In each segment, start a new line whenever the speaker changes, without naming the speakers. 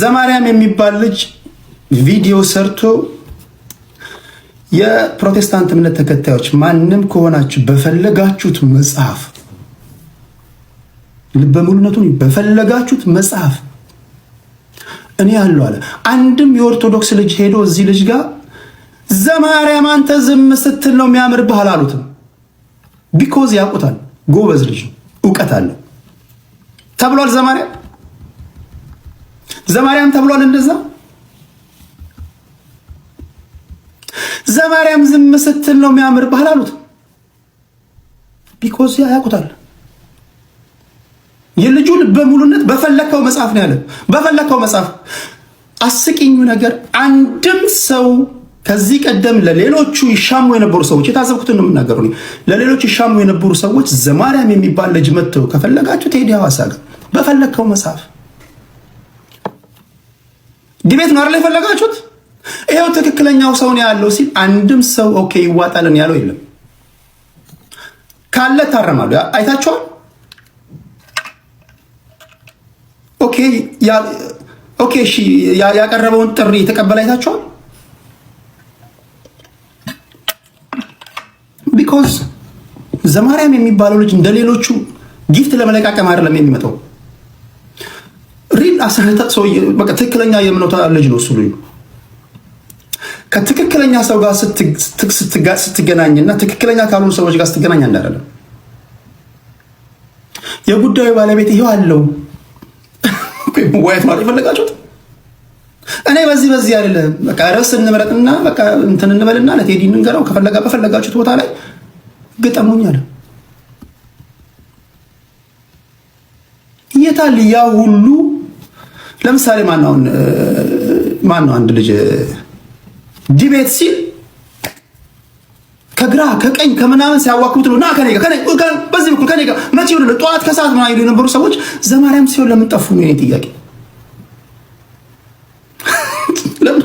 ዘማርያም የሚባል ልጅ ቪዲዮ ሰርቶ የፕሮቴስታንት እምነት ተከታዮች ማንም ከሆናችሁ በፈለጋችሁት መጽሐፍ ልበ ሙሉነቱን በፈለጋችሁት መጽሐፍ እኔ ያለው አለ። አንድም የኦርቶዶክስ ልጅ ሄዶ እዚህ ልጅ ጋር ዘማርያም አንተ ዝም ስትል ነው የሚያምርብህ አላሉትም። ቢኮዝ ያውቁታል። ጎበዝ ልጅ ነው፣ እውቀት አለው ተብሏል። ዘማርያም ዘማርያም ተብሏል እንደዛ። ዘማርያም ዝም ስትል ነው የሚያምር ባህል አሉት። ቢኮዝ ያውቁታል። የልጁን በሙሉነት በፈለከው መጽሐፍ ነው ያለ በፈለከው መጽሐፍ አስቂኙ ነገር አንድም ሰው ከዚህ ቀደም ለሌሎቹ ይሻሙ የነበሩ ሰዎች የታዘብኩትን ነው የምናገሩ። ለሌሎቹ ይሻሙ የነበሩ ሰዎች ዘማርያም የሚባል ልጅ መጥተው ከፈለጋችሁ ቴዲ ሐዋሳ ጋር በፈለግከው መጽሐፍ ዲቤት ነው አይደል የፈለጋችሁት? ይሄው ትክክለኛው ሰው ነው ያለው ሲል አንድም ሰው ኦኬ ይዋጣልን ያለው የለም። ካለ ታረማሉ። አይታችኋል። ኦኬ ኦኬ፣ እሺ ያቀረበውን ጥሪ የተቀበለ አይታችኋል። ቢኮዝ ዘማርያም የሚባለው ልጅ እንደሌሎቹ ጊፍት ለመለቃቀም አይደለም የሚመጣው ሪል አስህተት ሰው በቃ ትክክለኛ የምኖታ ልጅ ነው እሱ ልዩ ከትክክለኛ ሰው ጋር ስትገናኝና ትክክለኛ ካልሆኑ ሰዎች ጋር ስትገናኝ እንዳለ የጉዳዩ ባለቤት ይሄው አለው ወያት ማለት የፈለጋችሁት እኔ በዚህ በዚህ አለ በቃ ርዕስ እንምረጥና በቃ እንትን እንበልና ለቴዲ እንንገረው ከፈለጋ በፈለጋችሁት ቦታ ላይ ግጠሙኝ አለ። የታል ያ ሁሉ ለምሳሌ ማነው አንድ ልጅ ዲቤት ሲል ከግራ ከቀኝ ከምናምን ሲያዋክቡት ነው። ና ከኔ ጋር በዚህ በኩል ከኔ ጋር መቼ ይሉ ጠዋት ከሰዓት ምናምን ይሉ የነበሩ ሰዎች ዘማሪያም ሲሆን ለምን ጠፉ ነው ጥያቄ።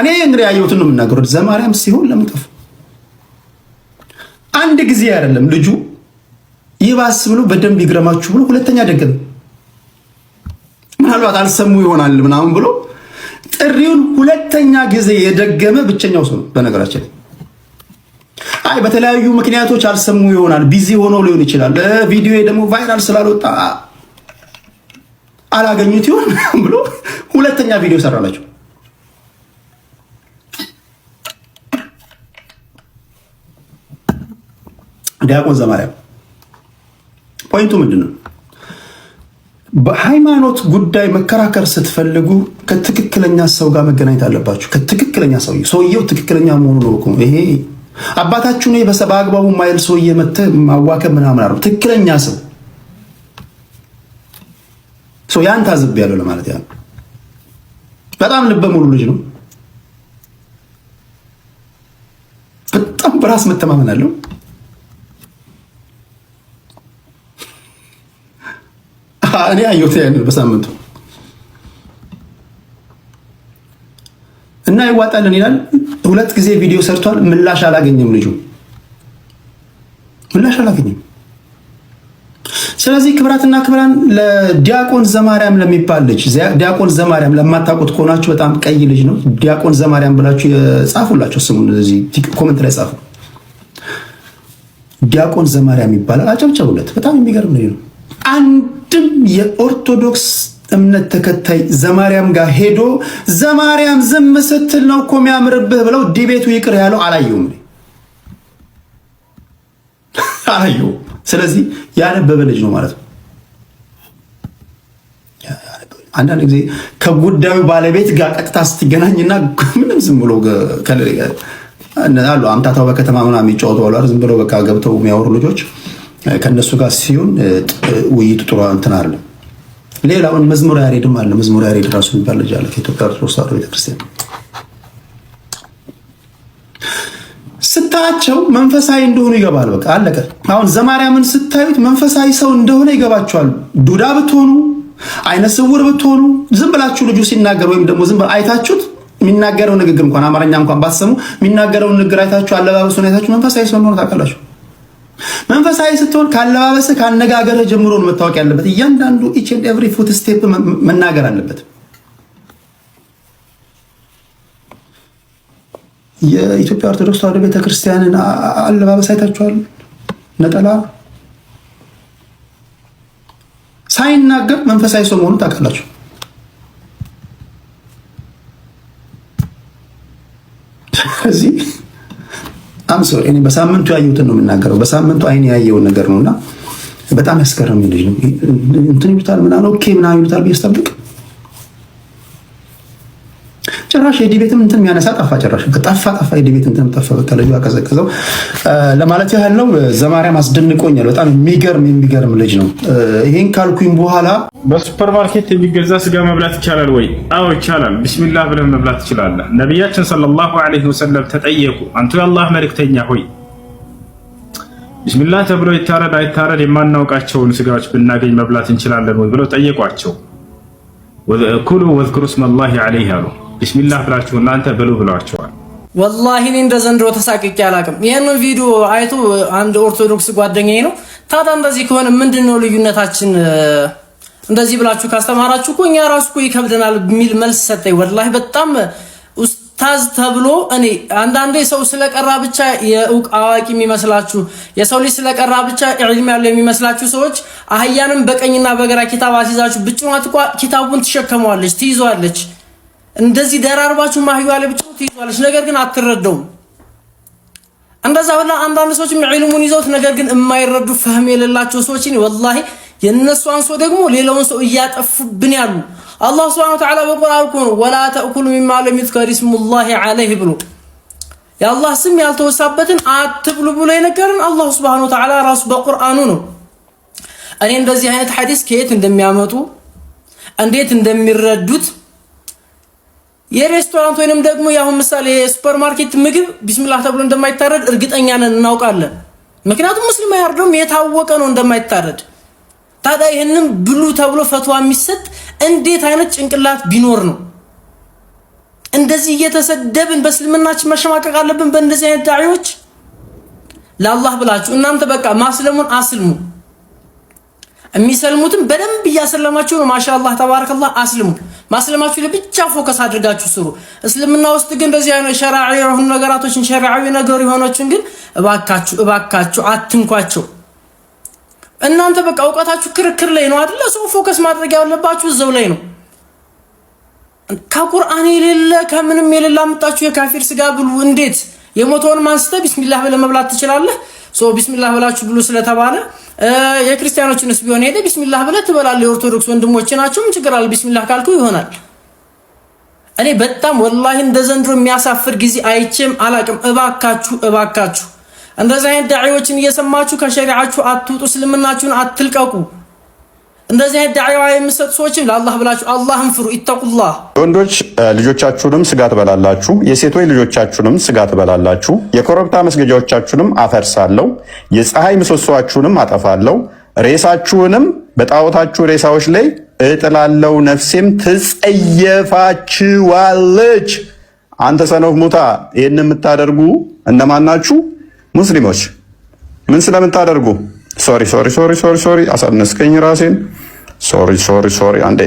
እኔ እንግዲህ ያየሁትን ነው የምናገሩት። ዘማሪያም ሲሆን ለምን ጠፉ? አንድ ጊዜ አይደለም ልጁ ይባስ ብሎ በደንብ ይግረማችሁ ብሎ ሁለተኛ ደገም ምናልባት አልሰሙ ይሆናል ምናምን ብሎ ጥሪውን ሁለተኛ ጊዜ የደገመ ብቸኛው ሰው ነው። በነገራችን አይ በተለያዩ ምክንያቶች አልሰሙ ይሆናል፣ ቢዚ ሆኖ ሊሆን ይችላል፣ ቪዲዮ ደግሞ ቫይራል ስላልወጣ አላገኙት ይሆን ብሎ ሁለተኛ ቪዲዮ ሰራላቸው። ዲያቆን ዘማርያም ፖይንቱ ምንድን ነው? በሃይማኖት ጉዳይ መከራከር ስትፈልጉ ከትክክለኛ ሰው ጋር መገናኘት አለባችሁ። ከትክክለኛ ሰው ሰውየው ትክክለኛ መሆኑ ነው እኮ ይሄ አባታችሁ ነው በሰባ አግባቡ ማይል ሰውዬ መተህ ማዋከብ ምናምን አለው። ትክክለኛ ሰው ሰው ያን ታዝብ ያለው ለማለት ያ በጣም ልበ ሙሉ ልጅ ነው። በጣም በራስ መተማመን አለው። እኔ አየሁት በሳምንቱ እና ይዋጣልን ይላል። ሁለት ጊዜ ቪዲዮ ሰርቷል። ምላሽ አላገኘም ልጁ ምላሽ አላገኘም። ስለዚህ ክብራትና ክብራን ለዲያቆን ዘማርያም ለሚባል ልጅ ዲያቆን ዘማርያም ለማታውቁት ከሆናችሁ በጣም ቀይ ልጅ ነው። ዲያቆን ዘማርያም ብላችሁ የጻፉላቸው ስሙን እዚህ ኮመንት ላይ ጻፉ። ዲያቆን ዘማርያም ይባላል። አጨብጨቡለት። በጣም የሚገርም ልጅ ነው። ቅድም የኦርቶዶክስ እምነት ተከታይ ዘማርያም ጋር ሄዶ ዘማርያም ዝም ስትል ነው እኮ የሚያምርብህ ብለው ዲቤቱ ይቅር ያለው አላየውም አላየውም። ስለዚህ ያነበበ ልጅ ነው ማለት ነው። አንዳንድ ጊዜ ከጉዳዩ ባለቤት ጋር ቀጥታ ስትገናኝና ምንም ዝም ብሎ አሉ አምታታው በከተማ ምናምን የሚጫወቱ ዝም ብሎ በቃ ገብተው የሚያወሩ ልጆች ከነሱ ጋር ሲሆን ውይይቱ ጥሩ እንትን አለ። ሌላውን መዝሙር ያሬድም አለ። መዝሙር ያሬድ ራሱ የሚባል ልጅ አለ ከኢትዮጵያ ኦርቶዶክስ ተዋህዶ ቤተክርስቲያን። ስታያቸው መንፈሳዊ እንደሆኑ ይገባል። በቃ አለቀ። አሁን ዘማርያምን ስታዩት መንፈሳዊ ሰው እንደሆነ ይገባቸዋል። ዱዳ ብትሆኑ፣ አይነ ስውር ብትሆኑ ዝም ብላችሁ ልጁ ሲናገር ወይም ደግሞ ዝም አይታችሁት የሚናገረው ንግግር እንኳን አማርኛ እንኳን ባሰሙ የሚናገረውን ንግግር አይታችሁ አለባበሱን አይታችሁ መንፈሳዊ ሰው እንደሆነ ታውቃላችሁ። መንፈሳዊ ስትሆን ካለባበስ ካነጋገር ጀምሮ ነው መታወቅ ያለበት። እያንዳንዱ ኢች ኤንድ ኤቭሪ ፉት ስቴፕ መናገር አለበት። የኢትዮጵያ ኦርቶዶክስ ተዋሕዶ ቤተክርስቲያንን አለባበስ አይታችኋል? ነጠላ ሳይናገር መንፈሳዊ ሰው መሆኑ ታውቃላችሁ። እዚህ አምሶ እኔ በሳምንቱ ያየሁትን ነው የምናገረው። በሳምንቱ አይን ያየውን ነገር ነውና በጣም ያስገረመኝ ልጅ ነው። እንትን ይሉታል ምናምን ኦኬ ምናምን ይሉታል ብዬ ስጠብቅ ጭራሽ የዲቤትም እንትን የሚያነሳ ጠፋ። ጭራሽ ጠፋ ጠፋ የዲቤት እንትን ጠፋ። በቃ ልጁ አቀዘቅዘው ለማለት ያህል ነው። ዘማርያም አስደንቆኛል። በጣም የሚገርም የሚገርም ልጅ ነው። ይሄን ካልኩኝ በኋላ
በሱፐርማርኬት የሚገዛ ስጋ መብላት ይቻላል ወይ? አዎ ይቻላል። ቢስሚላህ ብለህ መብላት ትችላለህ። ነቢያችን ሰለላሁ ዐለይሂ ወሰለም ተጠየቁ፣ አንቱ የአላህ መልእክተኛ ሆይ ቢስሚላህ ተብሎ ይታረድ አይታረድ የማናውቃቸውን ስጋዎች ብናገኝ መብላት እንችላለን ወይ ብለው ጠየቋቸው። ኩሉ ወዝክሩ ስመላሂ ዐለይሂ አሉ ብስሚላህ ብላችሁ እናንተ ብሉ ብሏቸዋል።
ወላሂ እኔ እንደ ዘንድሮ ተሳቅቄ አላውቅም። ይህን ቪዲዮ አይቶ አንድ ኦርቶዶክስ ጓደኛዬ ነው ታዲያ እንደዚህ ከሆነ ምንድን ነው ልዩነታችን? እንደዚህ ብላችሁ ካስተማራችሁ እኮ እኛ ራሱ እኮ ይከብደናል የሚል መልስ ሰጠኝ። ወላሂ በጣም ኡስታዝ ተብሎ እኔ አንዳንዴ ሰው ስለቀራ ብቻ የእውቅ አዋቂ የሚመስላችሁ የሰው ልጅ ስለቀራ ብቻ ዕልም ያለው የሚመስላችሁ ሰዎች አህያንም በቀኝና በግራ ኪታብ አስይዛችሁ ብጭማት ኪታቡን ትሸከመዋለች፣ ትይዘዋለች እንደዚህ ደራርባችሁ ማህዩ አለ ብቻ ትይዟለች። ነገር ግን አትረዳውም እንደዛ ብላ አንዳንድ ሰዎች ዒልሙን ይዘውት ነገር ግን የማይረዱ ፈህም የሌላቸው ሰዎች ወላሂ የእነሱ ሰው ደግሞ ሌላውን ሰው እያጠፉብን ያሉ። አላህ ሱብሓነሁ ወተዓላ በቁርአን እኮ ነው ወላ ተእኩሉ ሚማ ለም ዩዝከር ስሙላሂ ዐለይህ ብሎ የአላህ ስም ያልተወሳበትን አትብሉ ብሎ የነገርን አላህ ሱብሓነሁ ወተዓላ ራሱ በቁርአኑ ነው። እኔ እንደዚህ አይነት ሐዲስ ከየት እንደሚያመጡ እንዴት እንደሚረዱት የሬስቶራንት ወይንም ደግሞ የአሁን ምሳሌ የሱፐር ማርኬት ምግብ ቢስሚላህ ተብሎ እንደማይታረድ እርግጠኛ ነን፣ እናውቃለን። ምክንያቱም ሙስሊም አያርደውም፣ የታወቀ ነው እንደማይታረድ። ታዲያ ይህንም ብሉ ተብሎ ፈትዋ የሚሰጥ እንዴት አይነት ጭንቅላት ቢኖር ነው እንደዚህ እየተሰደብን በእስልምናችን መሸማቀቅ አለብን? በእንደዚህ አይነት ዳዒዎች ለአላህ ብላችሁ እናንተ በቃ ማስለሙን አስልሙ። የሚሰልሙትም በደንብ እያሰለማችሁ ነው። ማሻአላህ ተባረከላህ። አስልሙ። ማስለማችሁ ለብቻ ፎከስ አድርጋችሁ ስሩ። እስልምና ውስጥ ግን በዚህ አይነት ሸርዓዊ የሆኑ ነገራቶችን ሸርዓዊ ነገር የሆኖችን ግን እባካችሁ እባካችሁ አትንኳቸው። እናንተ በቃ እውቀታችሁ ክርክር ላይ ነው አይደለ? ሰው ፎከስ ማድረግ ያለባችሁ እዛው ላይ ነው። ከቁርአን የሌለ ከምንም የሌለ አምጣችሁ የካፊር ስጋ ብሉ። እንዴት የሞተውን ማንስተ ቢስሚላህ ብለህ መብላት ትችላለህ? ሰው ቢስሚላህ ብላችሁ ብሉ ስለተባለ የክርስቲያኖችንስ ቢሆን ሄደ ቢስሚላህ ብለህ ትበላለህ። የኦርቶዶክስ ወንድሞች ናቸውም ችግር አለ። ቢስሚላህ ካልኩ ይሆናል። እኔ በጣም ወላሂ እንደ ዘንድሮ የሚያሳፍር ጊዜ አይቼም አላቅም። እባካችሁ እባካችሁ እንደዚህ አይነት ዳዒዎችን እየሰማችሁ ከሸሪዓችሁ አትውጡ፣ እስልምናችሁን አትልቀቁ። እንደዚህ አይነት ዳዕዋ የምሰጡ ሰዎችም ለአላህ ብላችሁ አላህን ፍሩ፣ ኢተቁላህ።
የወንዶች ልጆቻችሁንም ስጋ ትበላላችሁ፣ የሴቶች ልጆቻችሁንም ስጋ ትበላላችሁ። የኮረብታ መስገጃዎቻችሁንም አፈርሳለሁ፣ የፀሐይ ምሰሶአችሁንም አጠፋለሁ፣ ሬሳችሁንም በጣዖታችሁ ሬሳዎች ላይ እጥላለው፣ ነፍሴም ትጸየፋችኋለች። አንተ ሰነፍ ሙታ፣ ይህን የምታደርጉ እነማናችሁ? ሙስሊሞች ምን ስለምታደርጉ ሶሪ ሶሪ ሶሪ ሶሪ ሶሪ አሳነስከኝ ራሴን ሶሪ ሶሪ ሶሪ፣ አንዴ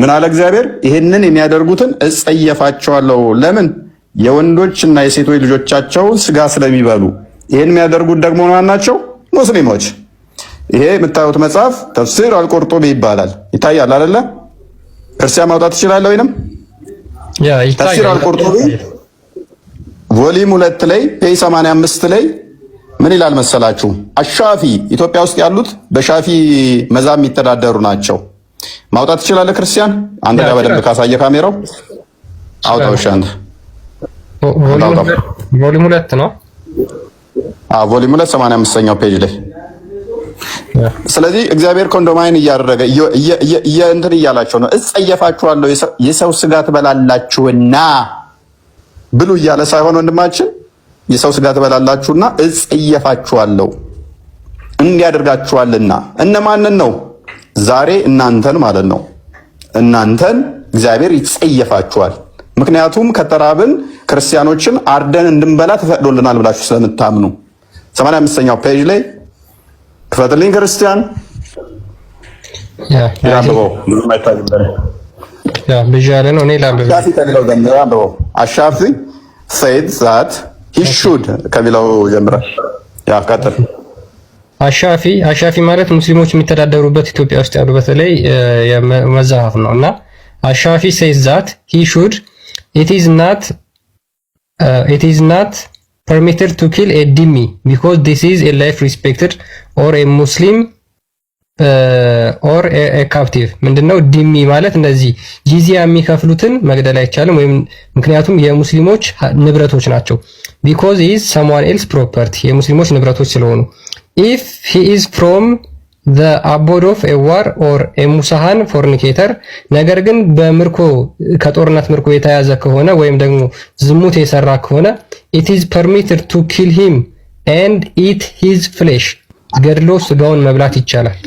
ምን አለ እግዚአብሔር? ይህንን የሚያደርጉትን እጸየፋቸዋለሁ። ለምን? የወንዶችና የሴቶች ልጆቻቸውን ስጋ ስለሚበሉ። ይህን የሚያደርጉት ደግሞ ማን ናቸው? ሙስሊሞች። ይሄ የምታዩት መጽሐፍ ተፍሲር አልቆርጡቢ ይባላል። ይታያል አይደለ? እርሲያ ማውጣት ትችላለህ ወይንም ተፍሲር አልቆርጡቢ ቮሊም ሁለት ላይ 85 ላይ ምን ይላል መሰላችሁ? አሻፊ ኢትዮጵያ ውስጥ ያሉት በሻፊ መዛም የሚተዳደሩ ናቸው። ማውጣት ትችላለህ ክርስቲያን? አንተ ጋር በደንብ ካሳየ ካሜራው አውጣው። እሺ አንተ
ቮሊም ሁለት ነው።
አዎ ቮሊም ሁለት ሰማንያ አምስተኛው ፔጅ ላይ ስለዚህ እግዚአብሔር ኮንዶማይን እያደረገ እንትን እያላቸው ነው። እጸየፋችኋለሁ የሰው ስጋ ትበላላችሁና ብሉ እያለ ሳይሆን ወንድማችን የሰው ስጋ ትበላላችሁና እጽየፋችኋለሁ እንዲያደርጋችኋልና እነማንን ነው? ዛሬ እናንተን ማለት ነው። እናንተን እግዚአብሔር ይጸየፋችኋል። ምክንያቱም ከተራብን ክርስቲያኖችን አርደን እንድንበላ ተፈቅዶልናል ብላችሁ ስለምታምኑ 85ኛው ፔጅ ላይ ክፈትልኝ ክርስቲያን ያንብበው አሻፊ ሴት ዛት ይሹድ ከሚለው ያ ያቃጥል
አሻፊ አሻፊ ማለት ሙስሊሞች የሚተዳደሩበት ኢትዮጵያ ውስጥ ያሉ በተለይ መዛሀፍ ነው እና አሻፊ ሴይዝ ዛት ሂ ሹድ ኢት ኢዝ ናት ኢት ኢዝ ናት ፐርሚትድ ቱ ኪል ኤ ዲሚ ቢኮዝ ዲስ ኢዝ ኤ ላይፍ ሪስፔክትድ ኦር ኤ ሙስሊም ኦር ካፕቲቭ ምንድነው? ዲሚ ማለት እንደዚህ ጂዚያ የሚከፍሉትን መግደል አይቻልም ወይም ምክንያቱም የሙስሊሞች ንብረቶች ናቸው። ቢኮዝ ኢዝ ሰምዋን ኤልስ ፕሮፐርቲ የሙስሊሞች ንብረቶች ስለሆኑ ኢፍ ሂ ኢዝ ፍሮም ዘ አቦድ ኦፍ ኤዋር ኦር ኤሙሳሃን ፎርኒኬተር ነገር ግን በምርኮ ከጦርነት ምርኮ የተያዘ ከሆነ ወይም ደግሞ ዝሙት የሰራ ከሆነ ኢት ኢዝ ፐርሚትድ ቱ ኪል ሂም ኤንድ ኢት ሂዝ ፍሌሽ ገድሎ ስጋውን መብላት ይቻላል።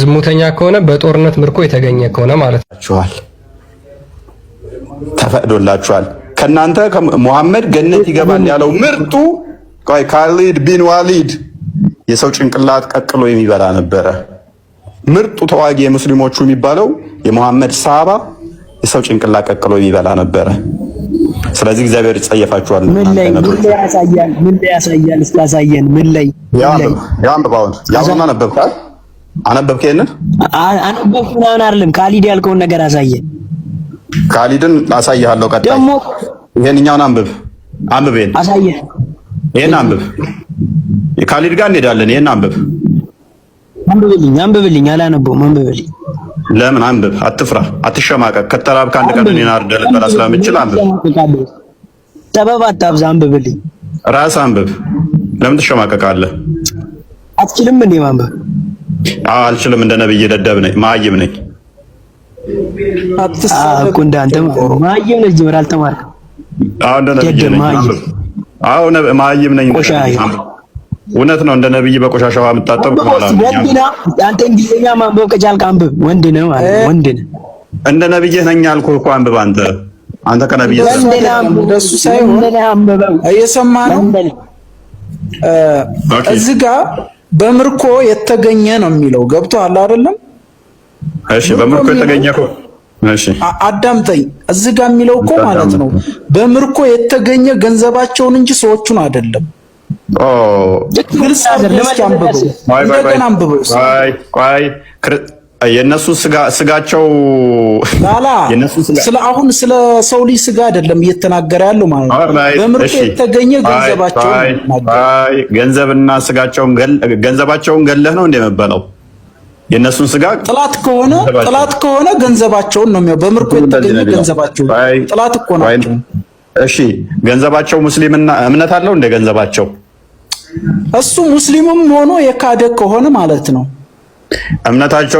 ዝሙተኛ ከሆነ በጦርነት ምርኮ የተገኘ ከሆነ ማለት ናቸዋል።
ተፈቅዶላችኋል። ከእናንተ ሙሐመድ ገነት ይገባል ያለው ምርጡ ካሊድ ቢን ዋሊድ የሰው ጭንቅላት ቀቅሎ የሚበላ ነበረ። ምርጡ ተዋጊ የሙስሊሞቹ የሚባለው የሙሐመድ ሳባ የሰው ጭንቅላት ቀቅሎ የሚበላ ነበረ። ስለዚህ እግዚአብሔር ይጸየፋችኋል።
ምን ላይ ያሳያል? ምን ላይ ያሳያል? እስካሳየን ምን ላይ
ያንብባውን ያሁና ነበብታል አነበብክ? ይሄንን
አነበብክ ምናምን አይደለም። ካሊድ ያልከውን ነገር አሳየ።
ካሊድን አሳይሃለሁ። ቀጣይ ደግሞ ይሄንኛውን አንብብ፣ አንብብ፣ ይሄን አሳየ፣ ይሄን አንብብ። ካሊድ ጋር እንሄዳለን። ይሄን አንብብ፣
አንብብልኝ፣ አንብብልኝ። አላነበውም፣ አንብብልኝ።
ለምን አንብብ፣ አትፍራ፣ አትሸማቀቅ። ከተራብክ አንድ ቀን እኔን አርደህ ልትበላ ስለምችል አንብብ።
ጥበብ አታብዛ፣ አንብብልኝ።
ራስ አንብብ። ለምን ትሸማቀቃለህ?
አትችልም እንዴ ማንበብ
አልችልም። እንደ ነብይ ደደብ ነኝ፣ ማይም ነኝ።
አትሳቁ እንዳንተ ማይም ነኝ። ጅምር አልተማርክም።
አዎ እንደ ነብይ ነኝ። አዎ ማይም ነኝ። እውነት ነው። እንደ ነብይ በቆሻሻ ውሃ የምታጠብ ነው።
አንተ እንግሊዝኛ ማንበብ ከቻልክ አንብብ። ወንድ ነው ማለት ወንድ
እንደ ነብይ ነኝ አልኩህ እኮ አንብብ። አንተ አንተ ከነብይ እንደሱ
ሳይሆን እየሰማህ ነው እዚህ ጋር በምርኮ የተገኘ ነው የሚለው ገብቶሃል አይደለም?
እሺ በምርኮ የተገኘ እኮ
እሺ፣ አዳምጠኝ። እዚህ ጋር የሚለው እኮ ማለት ነው በምርኮ የተገኘ ገንዘባቸውን እንጂ ሰዎቹን አይደለም።
ኦ ግልጽ አይደለም። እስኪ አንብበው፣ እንደገና አንብበው። አይ የእነሱ ስጋቸው
ስለ አሁን ስለ ሰው ልጅ ስጋ አይደለም እየተናገረ ያለው ማለት
ነው። በምርጫ የተገኘ ገንዘባቸው ገንዘብና ስጋቸውን ገንዘባቸውን ገለህ ነው እንደመበለው የእነሱን ስጋ
ጥላት ከሆነ ጥላት ከሆነ ገንዘባቸውን ነው የሚያው በምርጫ የተገኘ ገንዘባቸው ጥላት እኮ ናቸው።
እሺ ገንዘባቸው ሙስሊምና እምነት አለው እንደ ገንዘባቸው
እሱ ሙስሊምም ሆኖ የካደ ከሆነ ማለት ነው
እምነታቸው